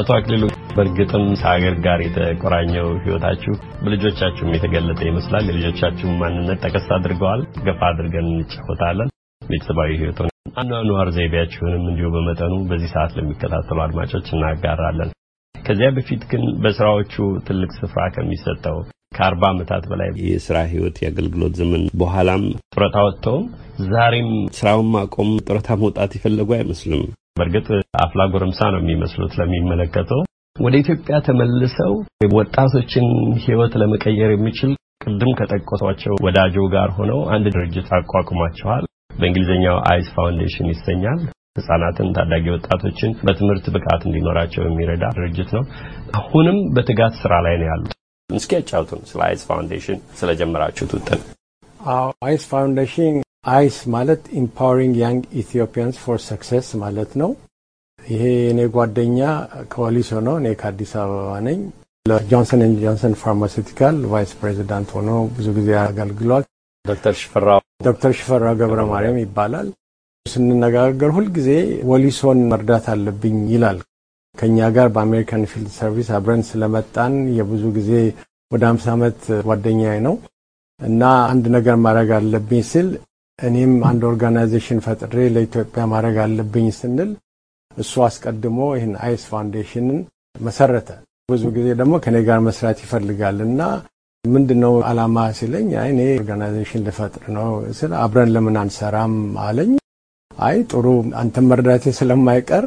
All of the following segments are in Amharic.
አቶ አክሊሉ በእርግጥም ከሀገር ጋር የተቆራኘው ህይወታችሁ በልጆቻችሁም የተገለጠ ይመስላል። የልጆቻችሁም ማንነት ጠቀስ አድርገዋል። ገፋ አድርገን እንጫወታለን። ቤተሰባዊ ህይወት አኗኗር ዘይቤያችሁንም እንዲሁ በመጠኑ በዚህ ሰዓት ለሚከታተሉ አድማጮች እናጋራለን። ከዚያ በፊት ግን በስራዎቹ ትልቅ ስፍራ ከሚሰጠው ከአርባ ዓመታት በላይ የስራ ህይወት የአገልግሎት ዘመን በኋላም ጡረታ ወጥተውም ዛሬም ስራውን ማቆም ጡረታ መውጣት ይፈለጉ አይመስልም። በእርግጥ አፍላ ጎረምሳ ነው የሚመስሉት ለሚመለከተው። ወደ ኢትዮጵያ ተመልሰው ወጣቶችን ህይወት ለመቀየር የሚችል ቅድም ከጠቀሷቸው ወዳጆ ጋር ሆነው አንድ ድርጅት አቋቁሟቸዋል። በእንግሊዝኛው አይስ ፋውንዴሽን ይሰኛል። ህጻናትን፣ ታዳጊ ወጣቶችን በትምህርት ብቃት እንዲኖራቸው የሚረዳ ድርጅት ነው። አሁንም በትጋት ስራ ላይ ነው ያሉት። እስኪ ያጫውቱን ስለ አይስ ፋውንዴሽን ስለጀመራችሁት ውጥን። አይስ ፋውንዴሽን አይስ ማለት ኢምፓወሪንግ ያንግ ኢትዮጵያንስ ፎር ሰክሰስ ማለት ነው። ይሄ የኔ ጓደኛ ከወሊሶ ነው። እኔ ከአዲስ አበባ ነኝ። ለጆንሰን ኤንድ ጆንሰን ፋርማሲውቲካል ቫይስ ፕሬዚዳንት ሆኖ ብዙ ጊዜ አገልግሏል። ዶክተር ሽፈራው ዶክተር ሽፈራው ገብረ ማርያም ይባላል። ስንነጋገር ሁልጊዜ ወሊሶን መርዳት አለብኝ ይላል። ከእኛ ጋር በአሜሪካን ፊልድ ሰርቪስ አብረን ስለመጣን የብዙ ጊዜ ወደ አምሳ ዓመት ጓደኛዬ ነው እና አንድ ነገር ማድረግ አለብኝ ስል እኔም አንድ ኦርጋናይዜሽን ፈጥሬ ለኢትዮጵያ ማድረግ አለብኝ ስንል እሱ አስቀድሞ ይህን አይስ ፋውንዴሽንን መሰረተ። ብዙ ጊዜ ደግሞ ከኔ ጋር መስራት ይፈልጋል እና ምንድን ነው አላማ ሲለኝ እኔ ኦርጋናይዜሽን ልፈጥር ነው ስል አብረን ለምን አንሰራም አለኝ። አይ ጥሩ አንተ መርዳቴ ስለማይቀር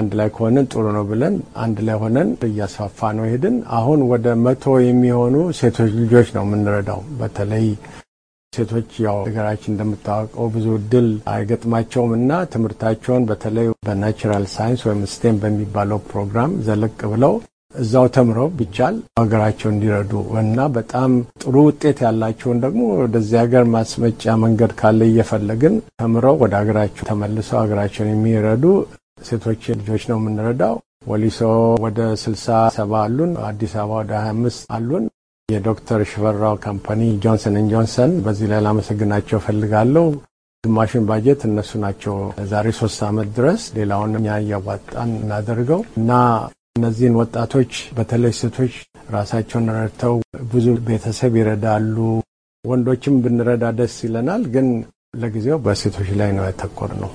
አንድ ላይ ከሆነን ጥሩ ነው ብለን አንድ ላይ ሆነን እያስፋፋ ነው ሄድን። አሁን ወደ መቶ የሚሆኑ ሴቶች ልጆች ነው የምንረዳው በተለይ ሴቶች ያው ሀገራችን እንደምታወቀው ብዙ እድል አይገጥማቸውም እና ትምህርታቸውን በተለይ በናቹራል ሳይንስ ወይም ስቴም በሚባለው ፕሮግራም ዘለቅ ብለው እዛው ተምረው ቢቻል ሀገራቸውን እንዲረዱ እና በጣም ጥሩ ውጤት ያላቸውን ደግሞ ወደዚህ ሀገር ማስመጫ መንገድ ካለ እየፈለግን ተምረው ወደ ሀገራቸው ተመልሰው ሀገራቸውን የሚረዱ ሴቶች ልጆች ነው የምንረዳው። ወሊሶ ወደ ስልሳ ሰባ አሉን። አዲስ አበባ ወደ ሀያ አምስት አሉን። የዶክተር ሽፈራው ካምፓኒ ጆንሰን ን ጆንሰን በዚህ ላይ ላመሰግናቸው ፈልጋለሁ። ግማሽን ባጀት እነሱ ናቸው ዛሬ ሶስት አመት ድረስ ሌላውን እኛ እያዋጣን እናደርገው እና እነዚህን ወጣቶች በተለይ ሴቶች ራሳቸውን ረድተው ብዙ ቤተሰብ ይረዳሉ። ወንዶችም ብንረዳ ደስ ይለናል፣ ግን ለጊዜው በሴቶች ላይ ነው ያተኮር ነው።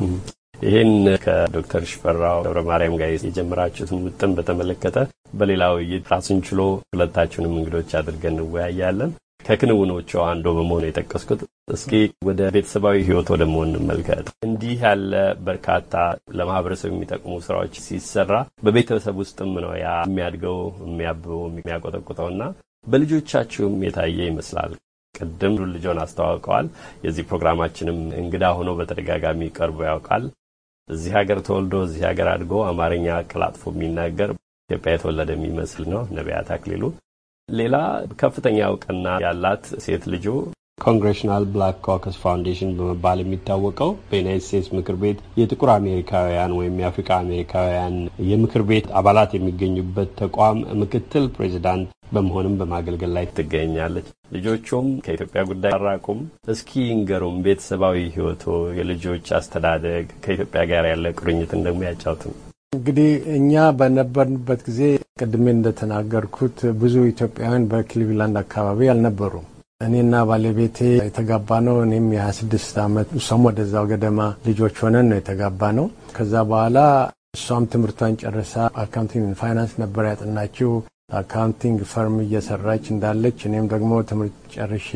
ይህን ከዶክተር ሽፈራው ገብረ ማርያም ጋር የጀመራችሁትን ውጥን በተመለከተ በሌላ ውይይት ራሱን ችሎ ሁለታችሁንም እንግዶች አድርገን እንወያያለን። ከክንውኖቹ አንዱ በመሆኑ የጠቀስኩት እስኪ ወደ ቤተሰባዊ ሕይወት ደግሞ እንመልከት። እንዲህ ያለ በርካታ ለማህበረሰብ የሚጠቅሙ ስራዎች ሲሰራ በቤተሰብ ውስጥም ነው ያ የሚያድገው የሚያብበው የሚያቆጠቁጠው ና በልጆቻችሁም የታየ ይመስላል። ቅድም ልጆን አስተዋውቀዋል። የዚህ ፕሮግራማችንም እንግዳ ሆኖ በተደጋጋሚ ቀርቦ ያውቃል። እዚህ ሀገር ተወልዶ እዚህ ሀገር አድጎ አማርኛ አቀላጥፎ የሚናገር ኢትዮጵያ የተወለደ የሚመስል ነው ነቢያት አክሊሉ። ሌላ ከፍተኛ እውቅና ያላት ሴት ልጁ። ኮንግሬሽናል ብላክ ኮከስ ፋውንዴሽን በመባል የሚታወቀው በዩናይት ስቴትስ ምክር ቤት የጥቁር አሜሪካውያን ወይም የአፍሪካ አሜሪካውያን የምክር ቤት አባላት የሚገኙበት ተቋም ምክትል ፕሬዚዳንት በመሆንም በማገልገል ላይ ትገኛለች። ልጆቹም ከኢትዮጵያ ጉዳይ አራቁም። እስኪ ንገሩም ቤተሰባዊ ሕይወቶ፣ የልጆች አስተዳደግ ከኢትዮጵያ ጋር ያለ ቁርኝትን ደግሞ ያጫውቱም። እንግዲህ እኛ በነበርንበት ጊዜ ቅድሜ እንደተናገርኩት ብዙ ኢትዮጵያውያን በክሊቭላንድ አካባቢ አልነበሩም። እኔና ባለቤቴ የተጋባ ነው። እኔም የ26 ዓመት እሷም ወደዛው ገደማ ልጆች ሆነን ነው የተጋባ ነው። ከዛ በኋላ እሷም ትምህርቷን ጨርሳ አካውንቲንግ ፋይናንስ ነበር ያጠናችው። አካውንቲንግ ፈርም እየሰራች እንዳለች እኔም ደግሞ ትምህርት ጨርሼ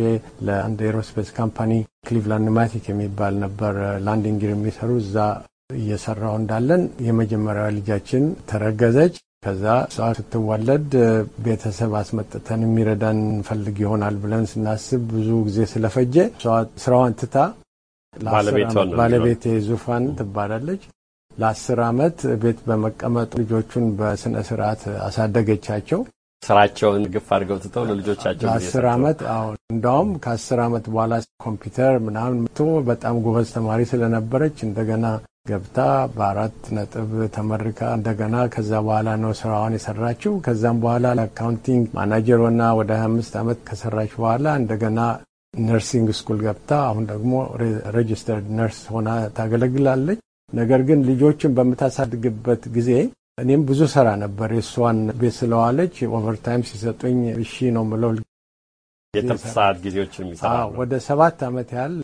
ለአንድ ኤሮስፔስ ካምፓኒ ክሊቭላንድ ማቲክ የሚባል ነበር ላንድ የሚሰሩ እዛ እየሰራው እንዳለን የመጀመሪያ ልጃችን ተረገዘች። ከዛ እሷ ስትወለድ ቤተሰብ አስመጥተን የሚረዳን እንፈልግ ይሆናል ብለን ስናስብ ብዙ ጊዜ ስለፈጀ እሷ ስራዋን ትታ ባለቤቴ ዙፋን ትባላለች። ለአስር አመት ቤት በመቀመጥ ልጆቹን በስነ ስርዓት አሳደገቻቸው። ስራቸውን ግፍ አድርገው ትተው ለልጆቻቸው ለአስር አመት አሁን እንዳውም ከአስር አመት በኋላ ኮምፒውተር ምናምን ምቶ በጣም ጎበዝ ተማሪ ስለነበረች እንደገና ገብታ በአራት ነጥብ ተመርካ እንደገና ከዛ በኋላ ነው ስራዋን የሰራችው። ከዛም በኋላ አካውንቲንግ ማናጀር ሆና ወደ 25 አመት ከሰራች በኋላ እንደገና ነርሲንግ ስኩል ገብታ አሁን ደግሞ ሬጅስተርድ ነርስ ሆና ታገለግላለች። ነገር ግን ልጆችን በምታሳድግበት ጊዜ እኔም ብዙ ስራ ነበር። የእሷን ቤት ስለዋለች ኦቨርታይም ሲሰጡኝ እሺ ነው ምለው የትርፍ ሰዓት ጊዜዎች ወደ ሰባት አመት ያህል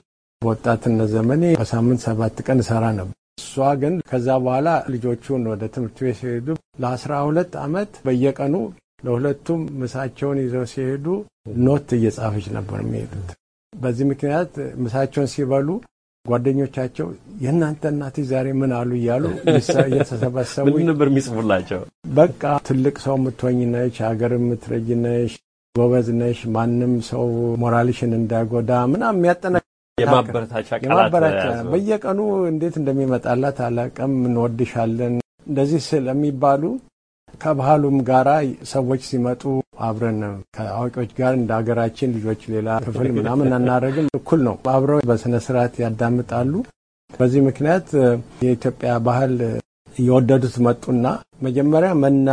በወጣትነት ዘመኔ በሳምንት ሰባት ቀን ሰራ ነበር። እሷ ግን ከዛ በኋላ ልጆቹን ወደ ትምህርት ቤት ሲሄዱ ለአስራ ሁለት ዓመት በየቀኑ ለሁለቱም ምሳቸውን ይዘው ሲሄዱ ኖት እየጻፈች ነበር የሚሄዱት። በዚህ ምክንያት ምሳቸውን ሲበሉ ጓደኞቻቸው የእናንተ እናት ዛሬ ምን አሉ እያሉ እየተሰበሰቡ ምን ነበር የሚጽፉላቸው? በቃ ትልቅ ሰው የምትሆኝ ነሽ፣ ሀገር የምትረጅ ነሽ፣ ጎበዝ ነሽ፣ ማንም ሰው ሞራልሽን እንዳይጎዳ ምናምን የሚያጠነ የማበረታቻ የማበረታቻ በየቀኑ እንዴት እንደሚመጣላት አላቀም። እንወድሻለን እንደዚህ ስለሚባሉ ከባህሉም ጋራ ሰዎች ሲመጡ አብረን ከአዋቂዎች ጋር እንደ ሀገራችን ልጆች ሌላ ክፍል ምናምን አናደርግም። እኩል ነው። አብረው በስነ ስርዓት ያዳምጣሉ። በዚህ ምክንያት የኢትዮጵያ ባህል እየወደዱት መጡና መጀመሪያ መና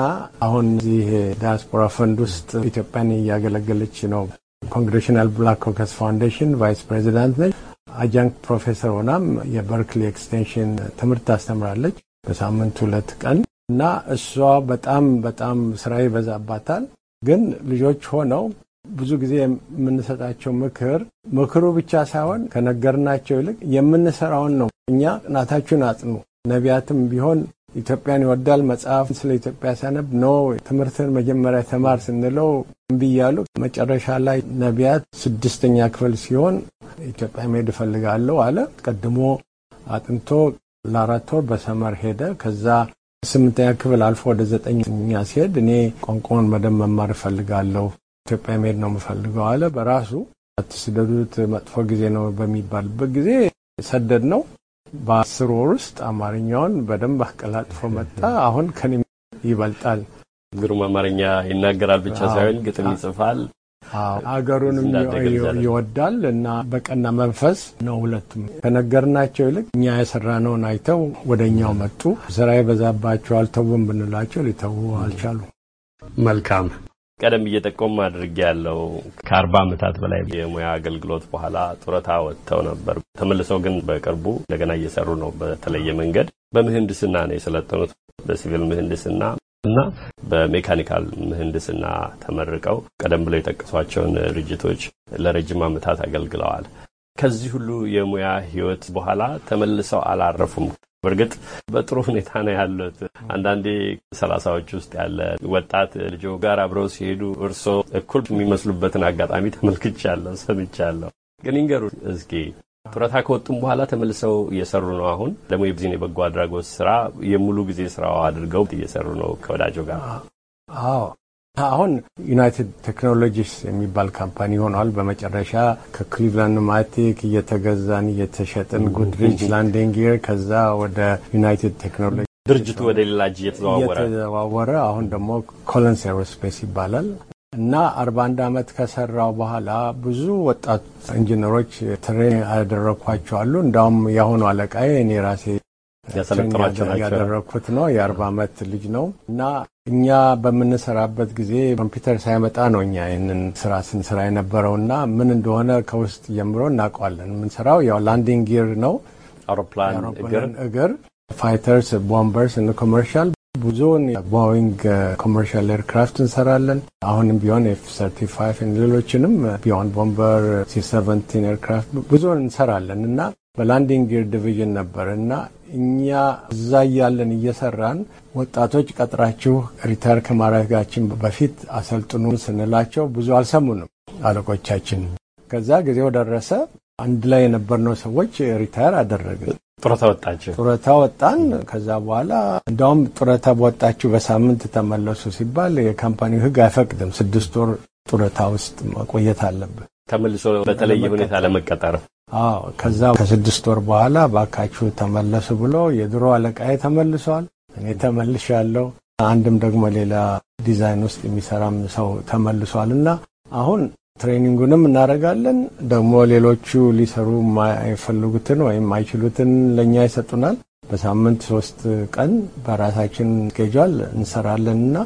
አሁን እዚህ ዲያስፖራ ፈንድ ውስጥ ኢትዮጵያን እያገለገለች ነው ኮንግሬሽናል ብላክ ኮከስ ፋውንዴሽን ቫይስ ፕሬዚዳንት ነች። አጃንክ ፕሮፌሰር ሆናም የበርክሊ ኤክስቴንሽን ትምህርት ታስተምራለች በሳምንት ሁለት ቀን እና እሷ በጣም በጣም ስራ ይበዛባታል። ግን ልጆች ሆነው ብዙ ጊዜ የምንሰጣቸው ምክር ምክሩ ብቻ ሳይሆን ከነገርናቸው ይልቅ የምንሰራውን ነው። እኛ ጥናታችሁን አጥኑ ነቢያትም ቢሆን ኢትዮጵያን ይወዳል መጽሐፍ ስለ ኢትዮጵያ ሲያነብ ኖ ትምህርትን መጀመሪያ ተማር ስንለው እምቢ እያሉ መጨረሻ ላይ ነቢያት ስድስተኛ ክፍል ሲሆን ኢትዮጵያ መሄድ እፈልጋለሁ አለ። ቀድሞ አጥንቶ ለአራት ወር በሰመር ሄደ። ከዛ ስምንተኛ ክፍል አልፎ ወደ ዘጠኛ ሲሄድ እኔ ቋንቋውን በደንብ መማር እፈልጋለሁ ኢትዮጵያ መሄድ ነው የምፈልገው አለ። በራሱ አትስደዱት መጥፎ ጊዜ ነው በሚባልበት ጊዜ ሰደድ ነው። በአስር ወር ውስጥ አማርኛውን በደንብ አቀላጥፎ መጣ። አሁን ከኔ ይበልጣል። ግሩም አማርኛ ይናገራል ብቻ ሳይሆን ግጥም ይጽፋል። አገሩንም ይወዳል እና በቀና መንፈስ ነው። ሁለቱም ከነገርናቸው ይልቅ እኛ የሰራነውን አይተው ወደ እኛው መጡ። ስራ ይበዛባቸው አልተውም ብንላቸው ሊተዉ አልቻሉ። መልካም ቀደም እየጠቆም አድርጌ ያለው ከአርባ ዓመታት በላይ የሙያ አገልግሎት በኋላ ጡረታ ወጥተው ነበር። ተመልሰው ግን በቅርቡ እንደገና እየሰሩ ነው። በተለየ መንገድ በምህንድስና ነው የሰለጠኑት። በሲቪል ምህንድስና እና በሜካኒካል ምህንድስና ተመርቀው ቀደም ብለው የጠቀሷቸውን ድርጅቶች ለረጅም ዓመታት አገልግለዋል። ከዚህ ሁሉ የሙያ ህይወት በኋላ ተመልሰው አላረፉም። በእርግጥ በጥሩ ሁኔታ ነው ያሉት። አንዳንዴ ሰላሳዎች ውስጥ ያለ ወጣት ልጆ ጋር አብረው ሲሄዱ እርሶ እኩል የሚመስሉበትን አጋጣሚ ተመልክቻለሁ፣ ሰምቻለሁ። ግን ይንገሩ እስኪ ጡረታ ከወጡም በኋላ ተመልሰው እየሰሩ ነው። አሁን ደግሞ የብዚን የበጎ አድራጎት ስራ የሙሉ ጊዜ ስራው አድርገው እየሰሩ ነው ከወዳጆ ጋር። አዎ አሁን ዩናይትድ ቴክኖሎጂስ የሚባል ካምፓኒ ሆኗል። በመጨረሻ ከክሊቭላንድ ማቲክ እየተገዛን እየተሸጥን ጉድሪች ላንዲንግ ጊር ከዛ ወደ ዩናይትድ ቴክኖሎጂ ድርጅቱ ወደ ሌላ እጅ እየተዘዋወረ አሁን ደግሞ ኮለንስ ኤሮስፔስ ይባላል እና አርባ አንድ አመት ከሰራው በኋላ ብዙ ወጣት ኢንጂነሮች ትሬን ያደረኳቸዋሉ። እንዳውም የአሁኑ አለቃዬ እኔ ራሴ ያደረግኩት ነው። የአርባ ዓመት ልጅ ነው እና እኛ በምንሰራበት ጊዜ ኮምፒውተር ሳይመጣ ነው እኛ ይህንን ስራ ስንሰራ የነበረው እና ምን እንደሆነ ከውስጥ ጀምሮ እናውቀዋለን። የምንሰራው ያው ላንዲንግ ጊር ነው፣ አውሮፕላን እግር፣ ፋይተርስ፣ ቦምበርስ እና ኮመርሻል ብዙውን ቦይንግ ኮመርሻል ኤርክራፍት እንሰራለን። አሁንም ቢሆን ኤፍ 35 ሌሎችንም ቢሆን ቦምበር ሲ ሰቨንቲን ኤርክራፍት ብዙውን እንሰራለን እና በላንዲንግ ጊር ዲቪዥን ነበር እና እኛ እዛ እያለን እየሰራን ወጣቶች ቀጥራችሁ ሪተር ከማድረጋችን በፊት አሰልጥኑ ስንላቸው ብዙ አልሰሙንም አለቆቻችን። ከዛ ጊዜው ደረሰ። አንድ ላይ የነበርነው ሰዎች ሪታየር አደረግን። ጡረታ ወጣችሁ? ጡረታ ወጣን። ከዛ በኋላ እንዳውም ጡረታ በወጣችሁ በሳምንት ተመለሱ ሲባል የካምፓኒው ሕግ አይፈቅድም። ስድስት ወር ጡረታ ውስጥ መቆየት አለብህ ተመልሶ በተለየ ሁኔታ ለመቀጠር አዎ ከዛ ከስድስት ወር በኋላ ባካችሁ ተመለሱ ብሎ የድሮ አለቃዬ ተመልሷል። እኔ ተመልሻለሁ። አንድም ደግሞ ሌላ ዲዛይን ውስጥ የሚሰራም ሰው ተመልሷል እና አሁን ትሬኒንጉንም እናደርጋለን። ደግሞ ሌሎቹ ሊሰሩ የማይፈልጉትን ወይም አይችሉትን ለእኛ ይሰጡናል። በሳምንት ሶስት ቀን በራሳችን ስኬጇል እንሰራለን እና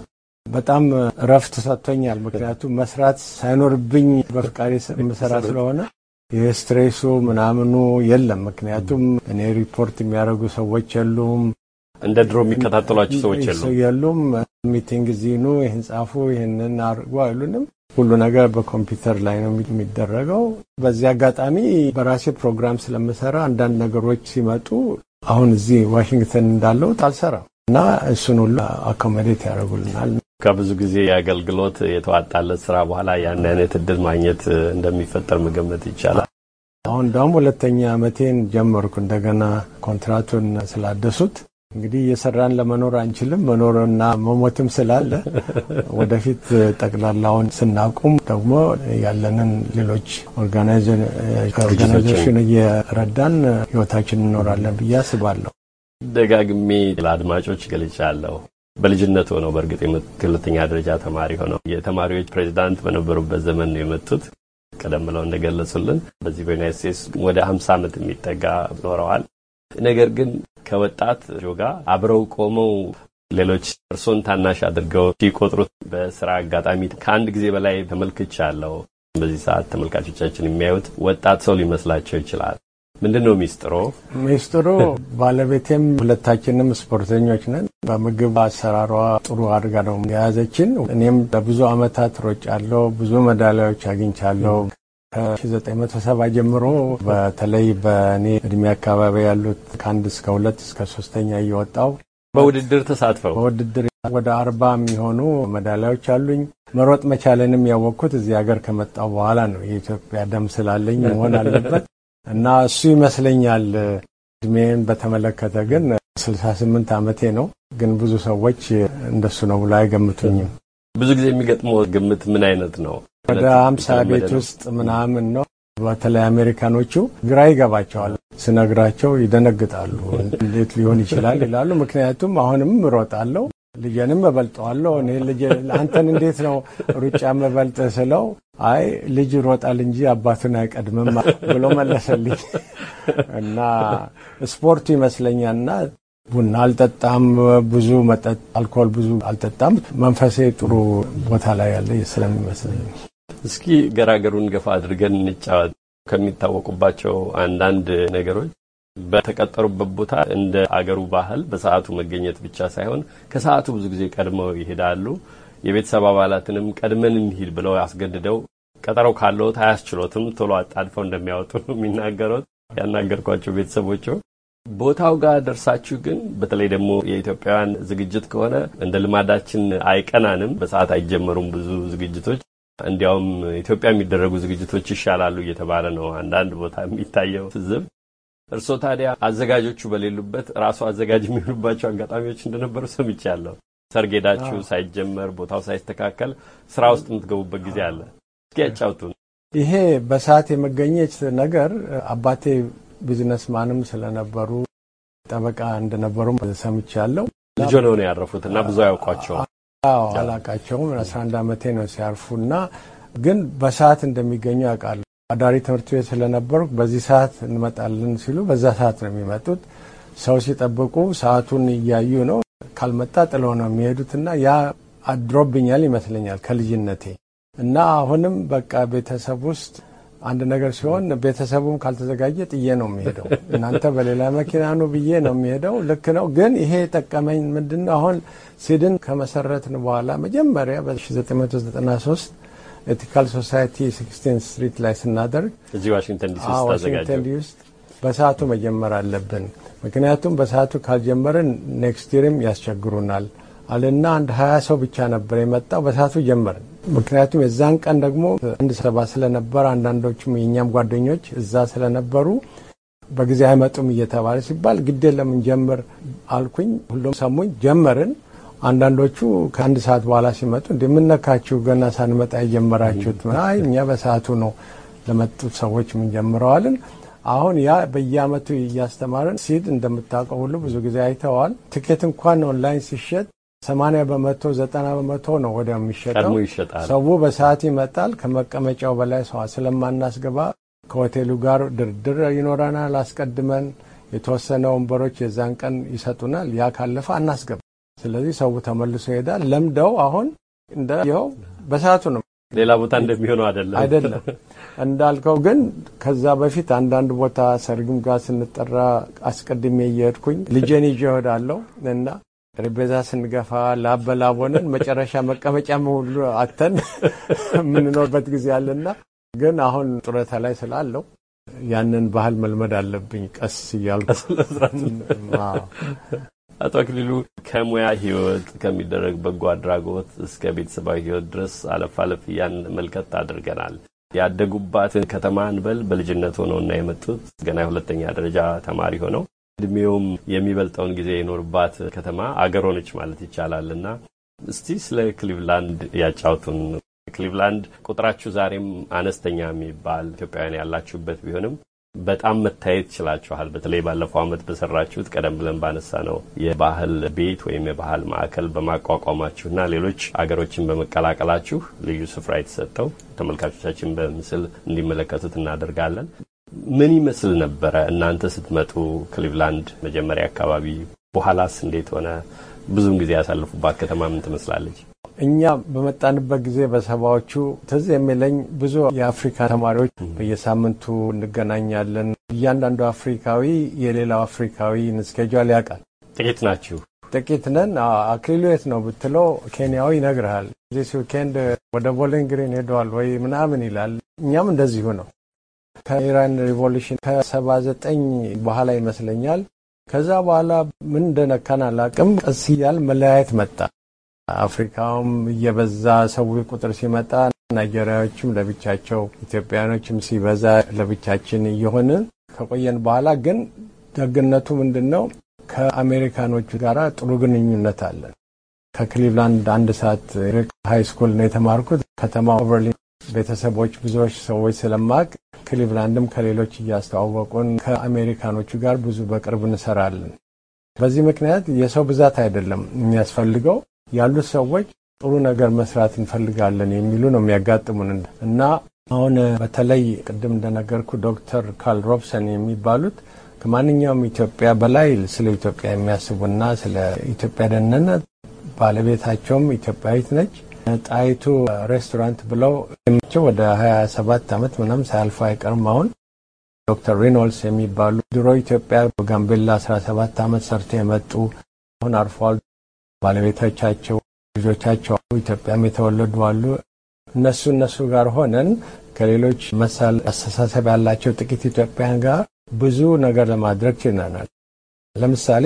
በጣም እረፍት ሰጥቶኛል። ምክንያቱም መስራት ሳይኖርብኝ በፍቃሪ መሰራ ስለሆነ የስትሬሱ ምናምኑ የለም። ምክንያቱም እኔ ሪፖርት የሚያደርጉ ሰዎች የሉም፣ እንደ ድሮ የሚከታተሏቸው ሰዎች የሉም። ሚቲንግ ዚኑ ይህን ጻፉ፣ ይህንን አድርጉ አይሉንም። ሁሉ ነገር በኮምፒውተር ላይ ነው የሚደረገው። በዚህ አጋጣሚ በራሴ ፕሮግራም ስለምሰራ አንዳንድ ነገሮች ሲመጡ አሁን እዚህ ዋሽንግተን እንዳለሁት አልሰራም እና እሱን ሁሉ አኮሞዴት ያደርጉልናል። ከብዙ ጊዜ የአገልግሎት የተዋጣለት ስራ በኋላ ያን አይነት እድል ማግኘት እንደሚፈጠር መገመት ይቻላል። አሁን ደግሞ ሁለተኛ አመቴን ጀመርኩ። እንደገና ኮንትራቱን ስላደሱት እንግዲህ እየሰራን ለመኖር አንችልም። መኖርና መሞትም ስላለ ወደፊት ጠቅላላውን ስናቁም ደግሞ ያለንን ሌሎች ኦርጋናይዜሽን እየረዳን ህይወታችን እንኖራለን ብዬ አስባለሁ። ደጋግሜ ለአድማጮች ገልጫለሁ። በልጅነት ሆነው በእርግጥ የሁለተኛ ደረጃ ተማሪ ሆነው የተማሪዎች ፕሬዚዳንት በነበሩበት ዘመን ነው የመጡት። ቀደም ብለው እንደገለጹልን በዚህ በዩናይት ስቴትስ ወደ ሀምሳ ዓመት የሚጠጋ ኖረዋል። ነገር ግን ከወጣት ጋር አብረው ቆመው ሌሎች እርሶን ታናሽ አድርገው ሲቆጥሩት በስራ አጋጣሚ ከአንድ ጊዜ በላይ ተመልክቻለሁ። በዚህ ሰዓት ተመልካቾቻችን የሚያዩት ወጣት ሰው ሊመስላቸው ይችላል። ምንድን ነው ሚስጥሮ? ሚስጥሮ ባለቤቴም ሁለታችንም ስፖርተኞች ነን። በምግብ አሰራሯ ጥሩ አድርጋ ነው የያዘችን። እኔም ለብዙ አመታት ሮጫለሁ፣ ብዙ ሜዳሊያዎች አግኝቻለሁ። ከ1970 ጀምሮ በተለይ በእኔ እድሜ አካባቢ ያሉት ከአንድ እስከ ሁለት እስከ ሶስተኛ እየወጣው በውድድር ተሳትፈው በውድድር ወደ አርባ የሚሆኑ መዳሊያዎች አሉኝ። መሮጥ መቻለንም ያወቅኩት እዚህ ሀገር ከመጣው በኋላ ነው። የኢትዮጵያ ደም ስላለኝ መሆን አለበት እና እሱ ይመስለኛል እድሜን በተመለከተ ግን ስልሳ ስምንት ዓመቴ ነው። ግን ብዙ ሰዎች እንደሱ ነው ብሎ አይገምቱኝም። ብዙ ጊዜ የሚገጥመው ግምት ምን አይነት ነው? ወደ አምሳ ቤት ውስጥ ምናምን ነው። በተለይ አሜሪካኖቹ ግራ ይገባቸዋል። ስነግራቸው ይደነግጣሉ። እንዴት ሊሆን ይችላል ይላሉ። ምክንያቱም አሁንም እሮጣለሁ ልጄንም እበልጠዋለሁ። እኔ አንተን እንዴት ነው ሩጫ መበልጥ ስለው አይ ልጅ ይሮጣል እንጂ አባቱን አይቀድምም ብሎ መለሰልኝ። እና ስፖርቱ ይመስለኛልና ቡና አልጠጣም፣ ብዙ መጠጥ አልኮል ብዙ አልጠጣም። መንፈሴ ጥሩ ቦታ ላይ ያለ ስለሚመስለኝ እስኪ ገራገሩን ገፋ አድርገን እንጫወት። ከሚታወቁባቸው አንዳንድ ነገሮች በተቀጠሩበት ቦታ እንደ አገሩ ባህል በሰዓቱ መገኘት ብቻ ሳይሆን ከሰዓቱ ብዙ ጊዜ ቀድመው ይሄዳሉ። የቤተሰብ አባላትንም ቀድመን እንሂድ ብለው አስገድደው ቀጠሮ ካለዎት አያስችሎትም ቶሎ አጣድፈው እንደሚያወጡ ነው የሚናገሩት ያናገርኳቸው ቤተሰቦቹ። ቦታው ጋር ደርሳችሁ ግን በተለይ ደግሞ የኢትዮጵያውያን ዝግጅት ከሆነ እንደ ልማዳችን አይቀናንም፣ በሰዓት አይጀመሩም ብዙ ዝግጅቶች። እንዲያውም ኢትዮጵያ የሚደረጉ ዝግጅቶች ይሻላሉ እየተባለ ነው አንዳንድ ቦታ የሚታየው ትዝብ እርስዎ ታዲያ አዘጋጆቹ በሌሉበት ራሱ አዘጋጅ የሚሆኑባቸው አጋጣሚዎች እንደነበሩ ሰምቻለሁ። ሰርግ ሄዳችሁ ሳይጀመር ቦታው ሳይስተካከል ስራ ውስጥ የምትገቡበት ጊዜ አለ። እስኪ ያጫውቱን። ይሄ በሰዓት የመገኘች ነገር አባቴ ቢዝነስማንም ስለነበሩ ጠበቃ እንደነበሩ ሰምቻለሁ። ልጆ ነው ነው ያረፉት እና ብዙ አያውቋቸውም። አላቃቸውም። 11 አመቴ ነው ሲያርፉ እና ግን በሰዓት እንደሚገኙ ያውቃሉ። አዳሪ ትምህርት ቤት ስለነበሩ በዚህ ሰዓት እንመጣለን ሲሉ በዛ ሰዓት ነው የሚመጡት። ሰው ሲጠብቁ ሰዓቱን እያዩ ነው። ካልመጣ ጥለው ነው የሚሄዱትና ያ አድሮብኛል ይመስለኛል ከልጅነቴ እና አሁንም በቃ ቤተሰብ ውስጥ አንድ ነገር ሲሆን ቤተሰቡም ካልተዘጋጀ ጥዬ ነው የሚሄደው። እናንተ በሌላ መኪና ኑ ብዬ ነው የሚሄደው። ልክ ነው። ግን ይሄ የጠቀመኝ ምንድን ነው? አሁን ሲድን ከመሰረትን በኋላ መጀመሪያ በ1993 ኤቲካል ሶሳይቲ ሲክስቲን ስትሪት ላይ ስናደርግ እዚህ ዋሽንግተን ዲሲ ዋሽንግተን ዲሲ ውስጥ በሰዓቱ መጀመር አለብን። ምክንያቱም በሰዓቱ ካልጀመርን ኔክስት ይርም ያስቸግሩናል አለና አንድ ሀያ ሰው ብቻ ነበር የመጣው። በሰዓቱ ጀመርን። ምክንያቱም የዛን ቀን ደግሞ አንድ ሰባ ስለነበረ አንዳንዶቹም የእኛም ጓደኞች እዛ ስለነበሩ በጊዜ አይመጡም እየተባለ ሲባል ግዴ ለምን ጀምር አልኩኝ። ሁሉም ሰሙኝ። ጀመርን። አንዳንዶቹ ከአንድ ሰዓት በኋላ ሲመጡ እንደምነካችሁ ገና ሳንመጣ የጀመራችሁት አይ እኛ በሰዓቱ ነው ለመጡት ሰዎች ምን ጀምረዋልን። አሁን ያ በየአመቱ እያስተማርን ሲድ እንደምታውቀው ሁሉ ብዙ ጊዜ አይተዋል። ትኬት እንኳን ኦንላይን ሲሸጥ ሰማንያ በመቶ ዘጠና በመቶ ነው ወደ የሚሸጠው ሰው በሰዓት ይመጣል። ከመቀመጫው በላይ ሰዋ ስለማናስገባ ከሆቴሉ ጋር ድርድር ይኖረናል። አስቀድመን የተወሰነ ወንበሮች የዛን ቀን ይሰጡናል። ያ ካለፈ አናስገባ ስለዚህ ሰው ተመልሶ ይሄዳል። ለምደው አሁን እንደ ይኸው በሰዓቱ ነው። ሌላ ቦታ እንደሚሆነው አይደለም አይደለም እንዳልከው። ግን ከዛ በፊት አንዳንድ ቦታ ሰርግም ጋር ስንጠራ አስቀድሜ እየሄድኩኝ ልጄን ይዤ እሄዳለሁ እና ጠረጴዛ ስንገፋ ላበላቦንን መጨረሻ መቀመጫም ሁሉ አተን የምንኖርበት ጊዜ አለና ግን አሁን ጡረታ ላይ ስላለው ያንን ባህል መልመድ አለብኝ ቀስ እያልኩ አቶ አክሊሉ ከሙያ ህይወት ከሚደረግ በጎ አድራጎት እስከ ቤተሰባዊ ህይወት ድረስ አለፍ አለፍ እያን መልከት አድርገናል። ያደጉባትን ከተማ እንበል በልጅነት ሆነውና የመጡት ገና የሁለተኛ ደረጃ ተማሪ ሆነው እድሜውም የሚበልጠውን ጊዜ የኖርባት ከተማ አገር ሆነች ማለት ይቻላልና እስቲ ስለ ክሊቭላንድ ያጫውቱን። ክሊቭላንድ ቁጥራችሁ ዛሬም አነስተኛ የሚባል ኢትዮጵያውያን ያላችሁበት ቢሆንም በጣም መታየት ይችላችኋል። በተለይ ባለፈው ዓመት በሰራችሁት ቀደም ብለን ባነሳ ነው የባህል ቤት ወይም የባህል ማዕከል በማቋቋማችሁና ሌሎች አገሮችን በመቀላቀላችሁ ልዩ ስፍራ የተሰጠው ተመልካቾቻችን በምስል እንዲመለከቱት እናደርጋለን። ምን ይመስል ነበረ እናንተ ስትመጡ ክሊቭላንድ መጀመሪያ አካባቢ? በኋላስ እንዴት ሆነ? ብዙም ጊዜ ያሳልፉባት ከተማ ምን ትመስላለች? እኛ በመጣንበት ጊዜ በሰባዎቹ ትዝ የሚለኝ ብዙ የአፍሪካ ተማሪዎች በየሳምንቱ እንገናኛለን። እያንዳንዱ አፍሪካዊ የሌላው አፍሪካዊ ስኬጁል ያውቃል። ጥቂት ናችሁ፣ ጥቂት ነን። አክሊሉ የት ነው ብትለው ኬንያዊ ይነግርሃል። ዚስ ዊኬንድ ወደ ቦሊንግሪን ሄደዋል ወይ ምናምን ይላል። እኛም እንደዚሁ ነው። ከኢራን ሪቮሉሽን ከሰባ ዘጠኝ በኋላ ይመስለኛል ከዛ በኋላ ምን እንደነካን አላቅም። ቀስ እያል መለያየት መጣ። አፍሪካውም እየበዛ ሰው ቁጥር ሲመጣ ናይጄሪያዎችም ለብቻቸው ኢትዮጵያኖችም ሲበዛ ለብቻችን እየሆንን ከቆየን በኋላ ግን ደግነቱ ምንድን ነው? ከአሜሪካኖቹ ጋር ጥሩ ግንኙነት አለን። ከክሊቭላንድ አንድ ሰዓት ርቅ ሀይ ስኩል ነው የተማርኩት። ከተማ ኦቨርሊን ቤተሰቦች ብዙዎች ሰዎች ስለማቅ ክሊቭላንድም ከሌሎች እያስተዋወቁን ከአሜሪካኖቹ ጋር ብዙ በቅርብ እንሰራለን። በዚህ ምክንያት የሰው ብዛት አይደለም የሚያስፈልገው ያሉት ሰዎች ጥሩ ነገር መስራት እንፈልጋለን የሚሉ ነው የሚያጋጥሙን እና አሁን በተለይ ቅድም እንደነገርኩ ዶክተር ካል ሮብሰን የሚባሉት ከማንኛውም ኢትዮጵያ በላይ ስለ ኢትዮጵያ የሚያስቡና ስለ ኢትዮጵያ ደህንነት ባለቤታቸውም ኢትዮጵያዊት ነች። ጣይቱ ሬስቶራንት ብለው የሚቸው ወደ 27 ዓመት ምናም ሳያልፉ አይቀርም። አሁን ዶክተር ሪኖልስ የሚባሉ ድሮ ኢትዮጵያ በጋምቤላ 17 ዓመት ሰርቶ የመጡ አሁን አርፈዋል። ባለቤቶቻቸው ልጆቻቸው ኢትዮጵያም የተወለዱ አሉ። እነሱ እነሱ ጋር ሆነን ከሌሎች መሳል አስተሳሰብ ያላቸው ጥቂት ኢትዮጵያን ጋር ብዙ ነገር ለማድረግ ችለናል። ለምሳሌ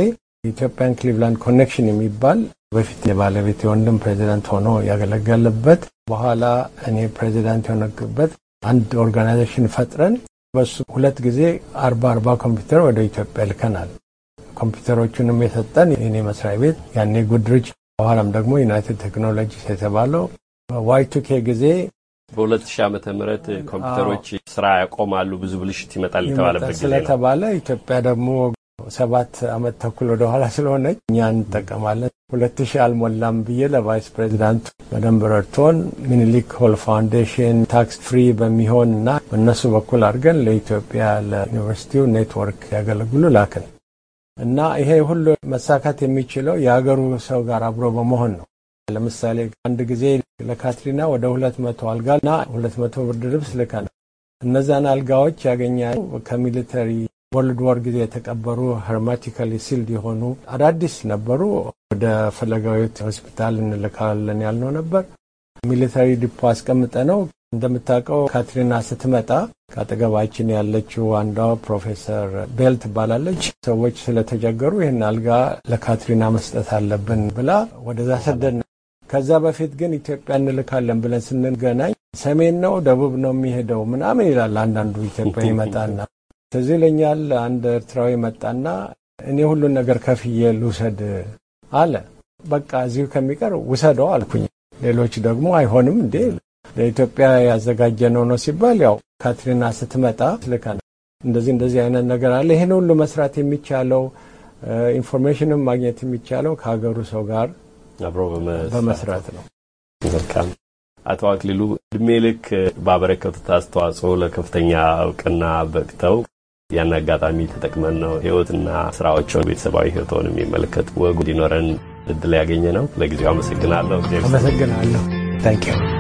ኢትዮጵያን ክሊቭላንድ ኮኔክሽን የሚባል በፊት የባለቤት የወንድም ፕሬዚዳንት ሆኖ ያገለገለበት በኋላ እኔ ፕሬዚዳንት የሆነበት አንድ ኦርጋናይዜሽን ፈጥረን በሱ ሁለት ጊዜ አርባ አርባ ኮምፒውተር ወደ ኢትዮጵያ ልከናል። ኮምፒውተሮቹንም የሰጠን የኔ መስሪያ ቤት ያኔ ጉድሪች በኋላም ደግሞ ዩናይትድ ቴክኖሎጂስ የተባለው ዋይቱኬ ጊዜ በሁለት ሺህ ዓመተ ም ኮምፒውተሮች ስራ ያቆማሉ፣ ብዙ ብልሽት ይመጣል የተባለበት ስለተባለ ኢትዮጵያ ደግሞ ሰባት አመት ተኩል ወደኋላ ስለሆነች እኛ እንጠቀማለን። ሁለት ሺህ አልሞላም ብዬ ለቫይስ ፕሬዚዳንቱ በደንብ ረድቶን ሚኒሊክ ሆል ፋውንዴሽን ታክስ ፍሪ በሚሆን እና በእነሱ በኩል አድርገን ለኢትዮጵያ ለዩኒቨርሲቲው ኔትወርክ ያገለግሉ ላክን። እና ይሄ ሁሉ መሳካት የሚችለው የሀገሩ ሰው ጋር አብሮ በመሆን ነው። ለምሳሌ አንድ ጊዜ ለካትሪና ወደ ሁለት መቶ አልጋና ሁለት መቶ ብርድ ልብስ ልከናል። እነዛን አልጋዎች ያገኛ ከሚሊተሪ ወርልድ ወር ጊዜ የተቀበሩ ሄርማቲካሊ ሲልድ የሆኑ አዳዲስ ነበሩ። ወደ ፈለጋዊት ሆስፒታል እንልካለን ያልነው ነበር። ሚሊተሪ ዲፖ አስቀምጠ ነው እንደምታውቀው ካትሪና ስትመጣ ከአጠገባችን ያለችው አንዷ ፕሮፌሰር ቤል ትባላለች። ሰዎች ስለተቸገሩ ይህን አልጋ ለካትሪና መስጠት አለብን ብላ ወደዛ ሰደን። ከዛ በፊት ግን ኢትዮጵያ እንልካለን ብለን ስንገናኝ ሰሜን ነው ደቡብ ነው የሚሄደው ምናምን ይላል። አንዳንዱ ኢትዮጵያ ይመጣና እዚህ ለኛል። አንድ ኤርትራዊ መጣና እኔ ሁሉን ነገር ከፍዬ ልውሰድ አለ። በቃ እዚሁ ከሚቀር ውሰደው አልኩኝ። ሌሎች ደግሞ አይሆንም እንዴ ለኢትዮጵያ ያዘጋጀ ነው ነው ሲባል ያው ካትሪና ስትመጣ ልከና እንደዚህ እንደዚህ አይነት ነገር አለ። ይህን ሁሉ መስራት የሚቻለው ኢንፎርሜሽንም ማግኘት የሚቻለው ከሀገሩ ሰው ጋር አብሮ በመስራት ነው። መልካም አቶ አክሊሉ እድሜ ልክ ባበረከቱት አስተዋጽኦ ለከፍተኛ እውቅና በቅተው ያን አጋጣሚ ተጠቅመን ነው ህይወትና ስራዎችን ቤተሰባዊ ህይወቶን የሚመለከት ወጉ እንዲኖረን እድል ያገኘ ነው። ለጊዜው አመሰግናለሁ። አመሰግናለሁ። ታንኪዩ